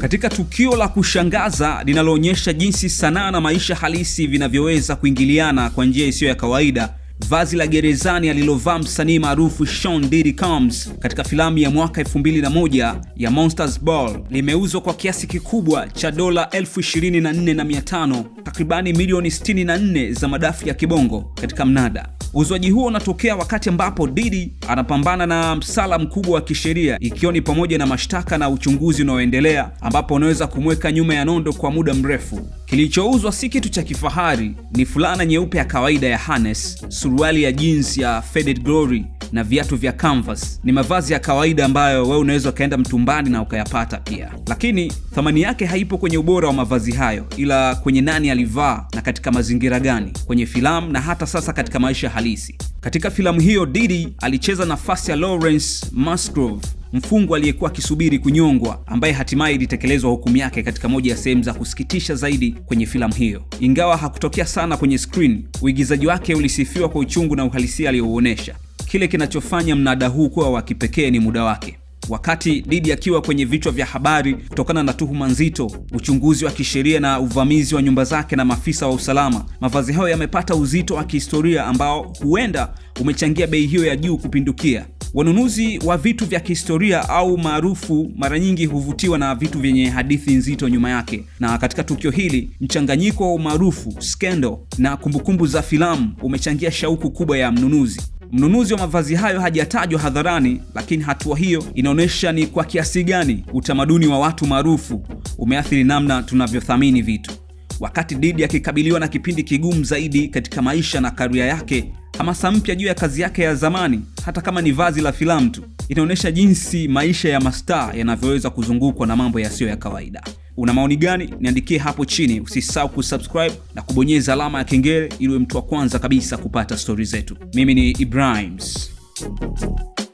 katika tukio la kushangaza linaloonyesha jinsi sanaa na maisha halisi vinavyoweza kuingiliana kwa njia isiyo ya kawaida. Vazi la gerezani alilovaa msanii maarufu Sean Diddy Combs katika filamu ya mwaka 2001 ya Monsters Ball limeuzwa kwa kiasi kikubwa cha dola 24,500 takribani milioni 64 za madafu ya kibongo katika mnada. Uzwaji huo unatokea wakati ambapo Diddy anapambana na msala mkubwa wa kisheria, ikiwa ni pamoja na mashtaka na uchunguzi unaoendelea, ambapo unaweza kumweka nyuma ya nondo kwa muda mrefu. Kilichouzwa si kitu cha kifahari, ni fulana nyeupe ya kawaida ya Hanes, suruali ya jeans ya Faded Glory na viatu vya canvas. Ni mavazi ya kawaida ambayo wewe unaweza ukaenda mtumbani na ukayapata pia, lakini thamani yake haipo kwenye ubora wa mavazi hayo, ila kwenye nani alivaa na katika mazingira gani, kwenye filamu na hata sasa katika maisha halisi. Katika filamu hiyo Didi alicheza nafasi ya Lawrence Musgrove mfungwa aliyekuwa akisubiri kunyongwa ambaye hatimaye ilitekelezwa hukumu yake katika moja ya sehemu za kusikitisha zaidi kwenye filamu hiyo. Ingawa hakutokea sana kwenye screen, uigizaji wake ulisifiwa kwa uchungu na uhalisia aliyouonyesha Kile kinachofanya mnada huu kuwa wa kipekee ni muda wake. Wakati didi akiwa kwenye vichwa vya habari kutokana na tuhuma nzito, uchunguzi wa kisheria na uvamizi wa nyumba zake na maafisa wa usalama, mavazi hayo yamepata uzito wa kihistoria ambao huenda umechangia bei hiyo ya juu kupindukia. Wanunuzi wa vitu vya kihistoria au maarufu mara nyingi huvutiwa na vitu vyenye hadithi nzito nyuma yake, na katika tukio hili mchanganyiko wa umaarufu, skendo na kumbukumbu za filamu umechangia shauku kubwa ya mnunuzi. Mnunuzi wa mavazi hayo hajatajwa hadharani, lakini hatua hiyo inaonyesha ni kwa kiasi gani utamaduni wa watu maarufu umeathiri namna tunavyothamini vitu. Wakati didi akikabiliwa na kipindi kigumu zaidi katika maisha na karia yake, hamasa mpya juu ya kazi yake ya zamani, hata kama ni vazi la filamu tu, inaonyesha jinsi maisha ya mastaa yanavyoweza kuzungukwa na mambo yasiyo ya kawaida. Una maoni gani? Niandikie hapo chini. Usisahau kusubscribe na kubonyeza alama ya kengele ili uwe mtu wa kwanza kabisa kupata stori zetu. Mimi ni Ibrahims.